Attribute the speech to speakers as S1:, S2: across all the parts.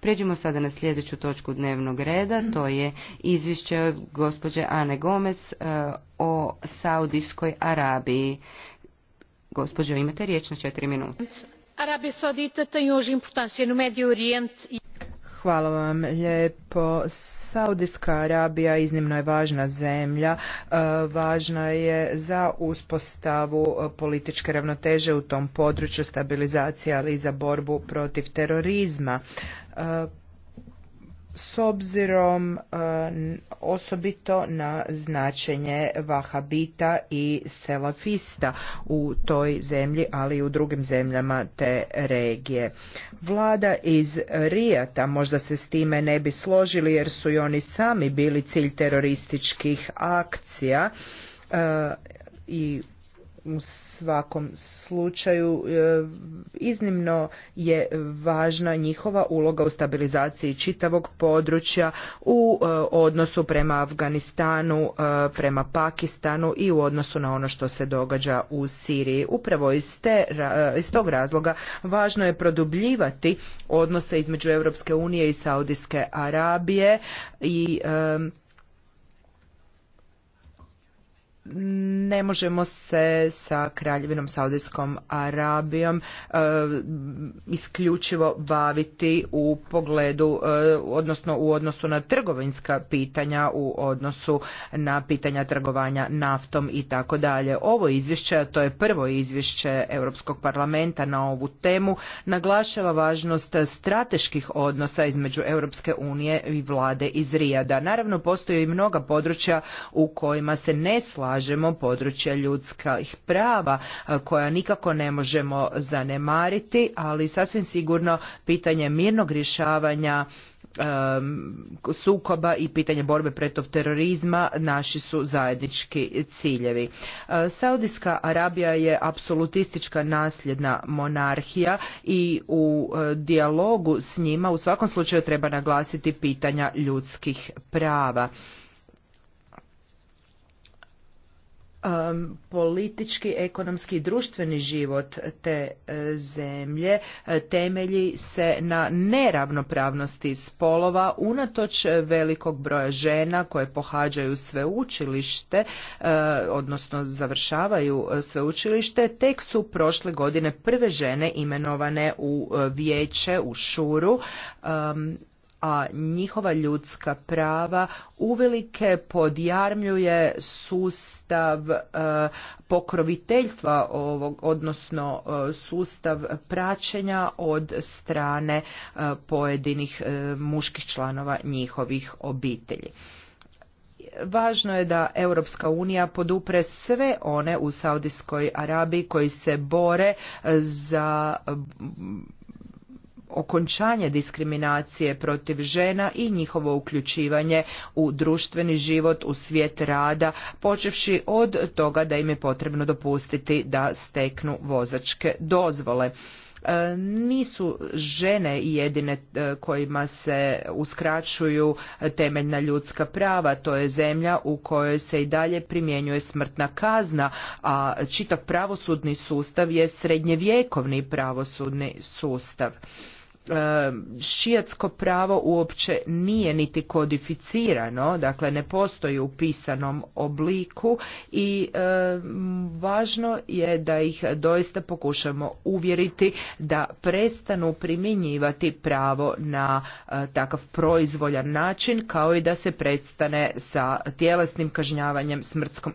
S1: Pređimo sada na sljedeću točku dnevnog reda, mhm. to je izvješće gospođe Ane Gomez e, o Saudijskoj Arabiji. Gospođo, imate riječ na četiri minute.
S2: Arabija Saudita tem e-
S1: Hvala vam lijepo. Saudijska Arabija iznimno je važna zemlja, e, važna je za uspostavu političke ravnoteže u tom području stabilizacije, ali i za borbu protiv terorizma. E, s obzirom e, osobito na značenje vahabita i selafista u toj zemlji, ali i u drugim zemljama te regije. Vlada iz Rijata možda se s time ne bi složili jer su i oni sami bili cilj terorističkih akcija e, i u svakom slučaju e, iznimno je važna njihova uloga u stabilizaciji čitavog područja u e, odnosu prema Afganistanu, e, prema Pakistanu i u odnosu na ono što se događa u Siriji. Upravo iz, te, iz tog razloga važno je produbljivati odnose između Europske unije i Saudijske Arabije i ne možemo se sa kraljevinom Saudijskom Arabijom e, isključivo baviti u pogledu, e, odnosno u odnosu na trgovinska pitanja, u odnosu na pitanja trgovanja naftom i tako dalje. Ovo izvješće, a to je prvo izvješće Europskog parlamenta na ovu temu, naglašava važnost strateških odnosa između Europske unije i vlade iz Rijada. Naravno, postoje i mnoga područja u kojima se ne slažu kažemo područja ljudskih prava koja nikako ne možemo zanemariti, ali sasvim sigurno pitanje mirnog rješavanja sukoba i pitanje borbe protiv terorizma naši su zajednički ciljevi. E, Saudijska Arabija je apsolutistička nasljedna monarhija i u e, dijalogu s njima u svakom slučaju treba naglasiti pitanja ljudskih prava. um, politički, ekonomski i društveni život te e, zemlje e, temelji se na neravnopravnosti spolova unatoč velikog broja žena koje pohađaju sveučilište, e, odnosno završavaju sveučilište, tek su prošle godine prve žene imenovane u vijeće, u šuru. Um, a njihova ljudska prava uvelike podjarmljuje sustav e, pokroviteljstva ovog odnosno e, sustav praćenja od strane e, pojedinih muških članova njihovih obitelji važno je da Europska unija podupre sve one u Saudijskoj Arabiji koji se bore za okončanje diskriminacije protiv žena i njihovo uključivanje u društveni život, u svijet rada, počevši od toga da im je potrebno dopustiti da steknu vozačke dozvole. E, nisu žene jedine e, kojima se uskraćuju temeljna ljudska prava. To je zemlja u kojoj se i dalje primjenjuje smrtna kazna, a čitav pravosudni sustav je srednjevjekovni pravosudni sustav. E, šijatsko pravo uopće nije niti kodificirano, dakle ne postoji u pisanom obliku i e, važno je da ih doista pokušamo uvjeriti da prestanu primjenjivati pravo na e, takav proizvoljan način kao i da se prestane sa tjelesnim kažnjavanjem,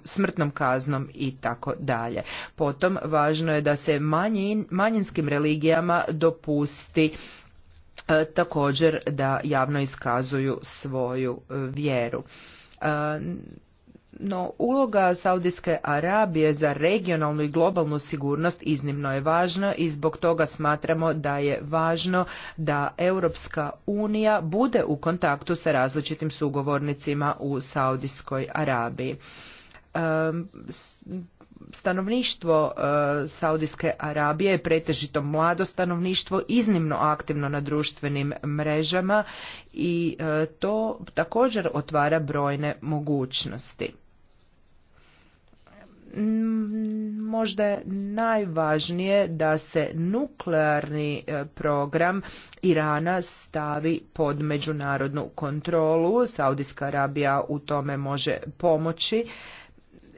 S1: smrtnom kaznom i tako dalje. Potom važno je da se manjinskim religijama dopusti E, također da javno iskazuju svoju e, vjeru. E, no, uloga Saudijske Arabije za regionalnu i globalnu sigurnost iznimno je važna i zbog toga smatramo da je važno da Europska unija bude u kontaktu sa različitim sugovornicima u Saudijskoj Arabiji. Stanovništvo e, Saudijske Arabije je pretežito mlado stanovništvo, iznimno aktivno na društvenim mrežama i e, to također otvara brojne mogućnosti. Možda je najvažnije da se nuklearni e, program Irana stavi pod međunarodnu kontrolu. Saudijska Arabija u tome može pomoći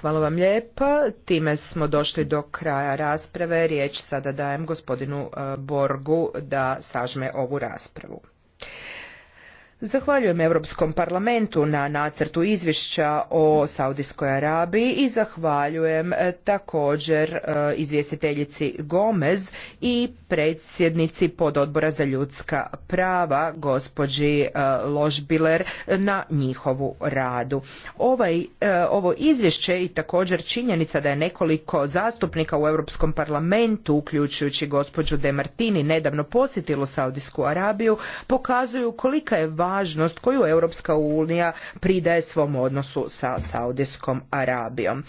S3: Hvala vam
S1: lijepa. Time smo došli do kraja rasprave. Riječ sada dajem gospodinu e, Borgu da sažme ovu raspravu. Zahvaljujem Europskom parlamentu na nacrtu izvješća o Saudijskoj Arabiji i zahvaljujem e, također e, izvjestiteljici Gomez i predsjednici pododbora za ljudska prava gospođi e, Ložbiler na njihovu radu. Ovaj, ovo izvješće i također činjenica da je nekoliko zastupnika u Europskom parlamentu, uključujući gospođu Martini nedavno posjetilo Saudijsku Arabiju, pokazuju kolika je važnost koju Europska unija pridaje svom odnosu sa Saudijskom Arabijom. E,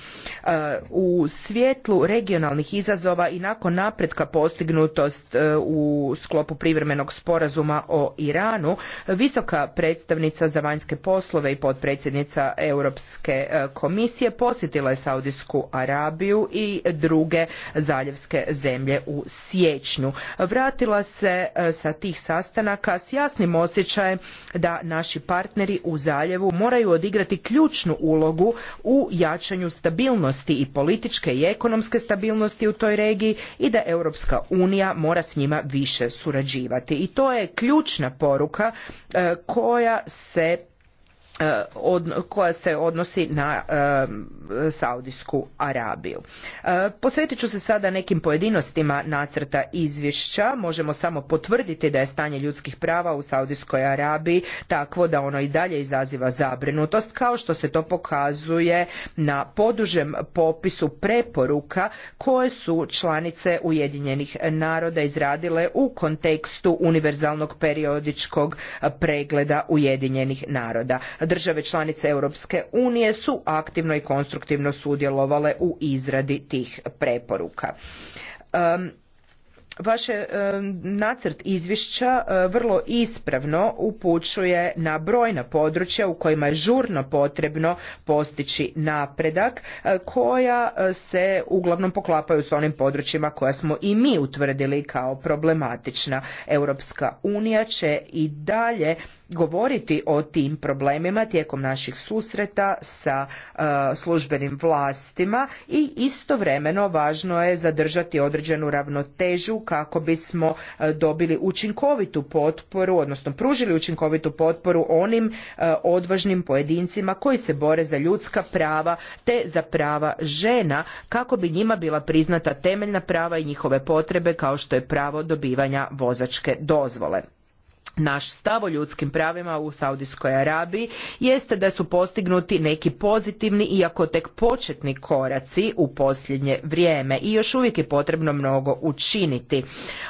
S1: u svjetlu regionalnih izazova i nakon napretka postignutost e, u sklopu privremenog sporazuma o Iranu, visoka predstavnica za vanjske poslove i potpredsjednica Europske e, komisije posjetila je Saudijsku Arabiju i druge zaljevske zemlje u siječnju. Vratila se sa tih sastanaka s jasnim osjećajem da naši partneri u zaljevu moraju odigrati ključnu ulogu u jačanju stabilnosti i političke i ekonomske stabilnosti u toj regiji i da Europska unija mora s njima više surađivati. I to je ključna poruka e, koja se Eh, koja se odnosi na eh, Saudijsku Arabiju. Eh, posvetit ću se sada nekim pojedinostima nacrta izvješća. Možemo samo potvrditi da je stanje ljudskih prava u Saudijskoj Arabiji takvo da ono i dalje izaziva zabrinutost, kao što se to pokazuje na podužem popisu preporuka koje su članice Ujedinjenih naroda izradile u kontekstu univerzalnog periodičkog pregleda Ujedinjenih naroda države članice Europske unije su aktivno i konstruktivno sudjelovale u izradi tih preporuka. Vaše nacrt izvješća e, vrlo ispravno upućuje na brojna područja u kojima je žurno potrebno postići napredak e, koja e, se uglavnom poklapaju s onim područjima koja smo i mi utvrdili kao problematična. Europska unija će i dalje govoriti o tim problemima tijekom naših susreta sa e, službenim vlastima i istovremeno važno je zadržati određenu ravnotežu kako bismo e, dobili učinkovitu potporu odnosno pružili učinkovitu potporu onim e, odvažnim pojedincima koji se bore za ljudska prava te za prava žena kako bi njima bila priznata temeljna prava i njihove potrebe kao što je pravo dobivanja vozačke dozvole naš stav o ljudskim pravima u Saudijskoj Arabiji jeste da su postignuti neki pozitivni, iako tek početni koraci u posljednje vrijeme i još uvijek je potrebno mnogo učiniti.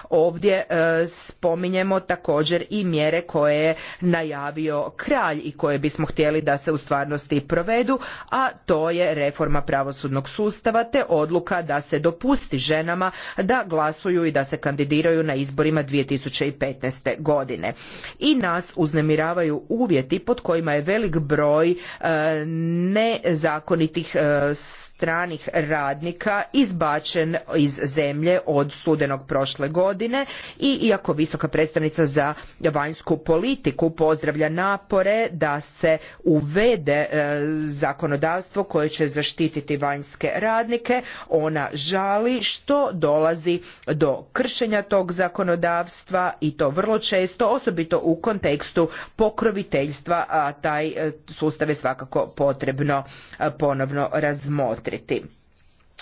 S1: Ovdje e, spominjemo također i mjere koje je najavio kralj i koje bismo htjeli da se u stvarnosti provedu, a to je reforma pravosudnog sustava te odluka da se dopusti ženama da glasuju i da se kandidiraju na izborima 2015. godine i nas uznemiravaju uvjeti pod kojima je velik broj e, nezakonitih e, stranih radnika izbačen iz zemlje od studenog prošle godine i iako visoka predstavnica za vanjsku politiku pozdravlja napore da se uvede e, zakonodavstvo koje će zaštititi vanjske radnike ona žali što dolazi do kršenja tog zakonodavstva i to vrlo često osobito u kontekstu pokroviteljstva a taj e, sustav je svakako potrebno e, ponovno razmotriti razmotriti.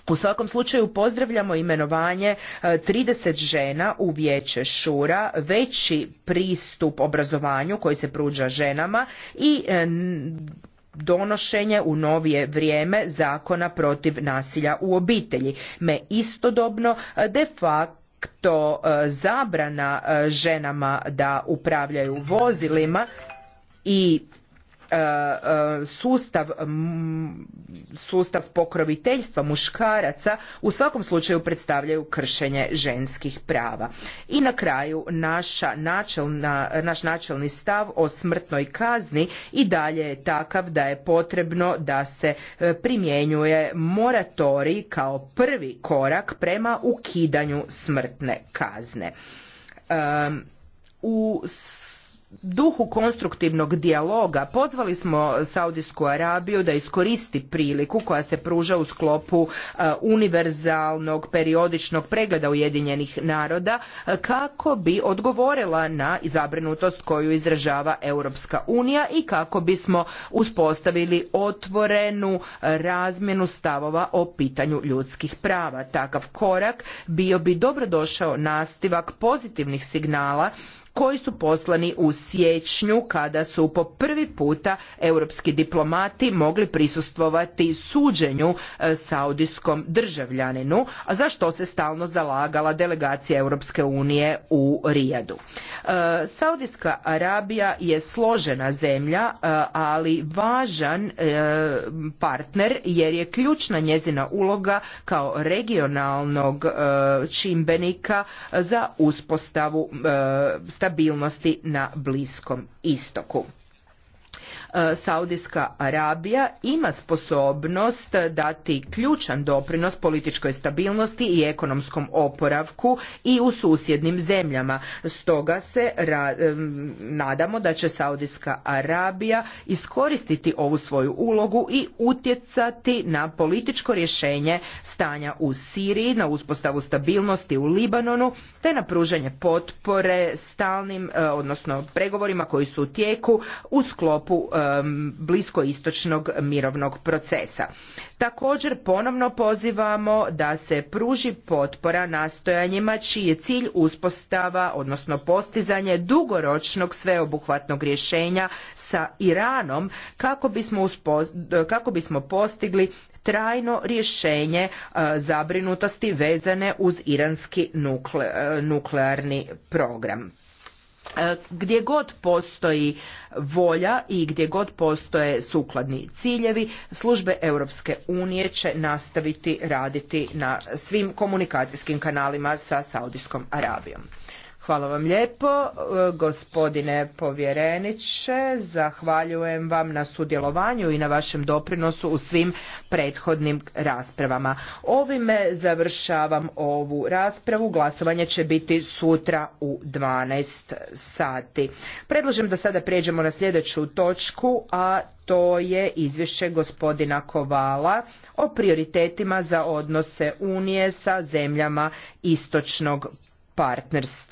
S1: U svakom slučaju pozdravljamo imenovanje 30 e, žena u vijeće Šura, veći pristup obrazovanju koji se pruđa ženama i e, donošenje u novije vrijeme zakona protiv nasilja u obitelji. Me istodobno e, de facto to zabrana ženama da upravljaju vozilima i E, e, sustav sustav pokroviteljstva muškaraca u svakom slučaju predstavljaju kršenje ženskih prava. I na kraju naša naš načelni stav o smrtnoj kazni i dalje je takav da je potrebno da se e, primjenjuje moratorij kao prvi korak prema ukidanju smrtne kazne. u duhu konstruktivnog dijaloga pozvali smo Saudijsku Arabiju da iskoristi priliku koja se pruža u sklopu e, univerzalnog periodičnog pregleda Ujedinjenih naroda e, kako bi odgovorila na zabrinutost koju izražava Europska unija i kako bismo uspostavili otvorenu razmjenu stavova o pitanju ljudskih prava. Takav korak bio bi dobrodošao nastivak pozitivnih signala koji su poslani u siječnju kada su po prvi puta europski diplomati mogli prisustvovati suđenju e, saudijskom državljaninu, a za što se stalno zalagala delegacija Europske unije u Rijadu. E, Saudijska Arabija je složena zemlja, e, ali važan partner jer je ključna njezina uloga kao regionalnog čimbenika za uspostavu stabilnosti na Bliskom istoku. E, Saudijska Arabija ima sposobnost dati ključan doprinos političkoj stabilnosti i ekonomskom oporavku i u susjednim zemljama. Stoga se e, nadamo da će Saudijska Arabija iskoristiti ovu svoju ulogu i utjecati na političko rješenje stanja u Siriji, na uspostavu stabilnosti u Libanonu te na pružanje potpore stalnim, e, odnosno pregovorima koji su u tijeku u sklopu Um, bliskoistočnog mirovnog procesa. Također ponovno pozivamo da se pruži potpora nastojanjima čiji je cilj uspostava, odnosno postizanje dugoročnog sveobuhvatnog rješenja sa Iranom kako bismo, kako bismo postigli trajno rješenje uh, zabrinutosti vezane uz iranski uh, nuklearni program. E, gdje god postoji volja i gdje god postoje sukladni ciljevi, službe Europske unije će nastaviti raditi na svim komunikacijskim kanalima sa Saudijskom Arabijom. Hvala vam lijepo, e, gospodine povjereniče. Zahvaljujem vam na sudjelovanju i na vašem doprinosu u svim prethodnim raspravama. Ovime završavam ovu raspravu. Glasovanje će biti sutra u 12 sati. Predlažem da sada prijeđemo na sljedeću točku, a to je izvješće gospodina Kovala o prioritetima za odnose Unije sa zemljama istočnog partnerstva.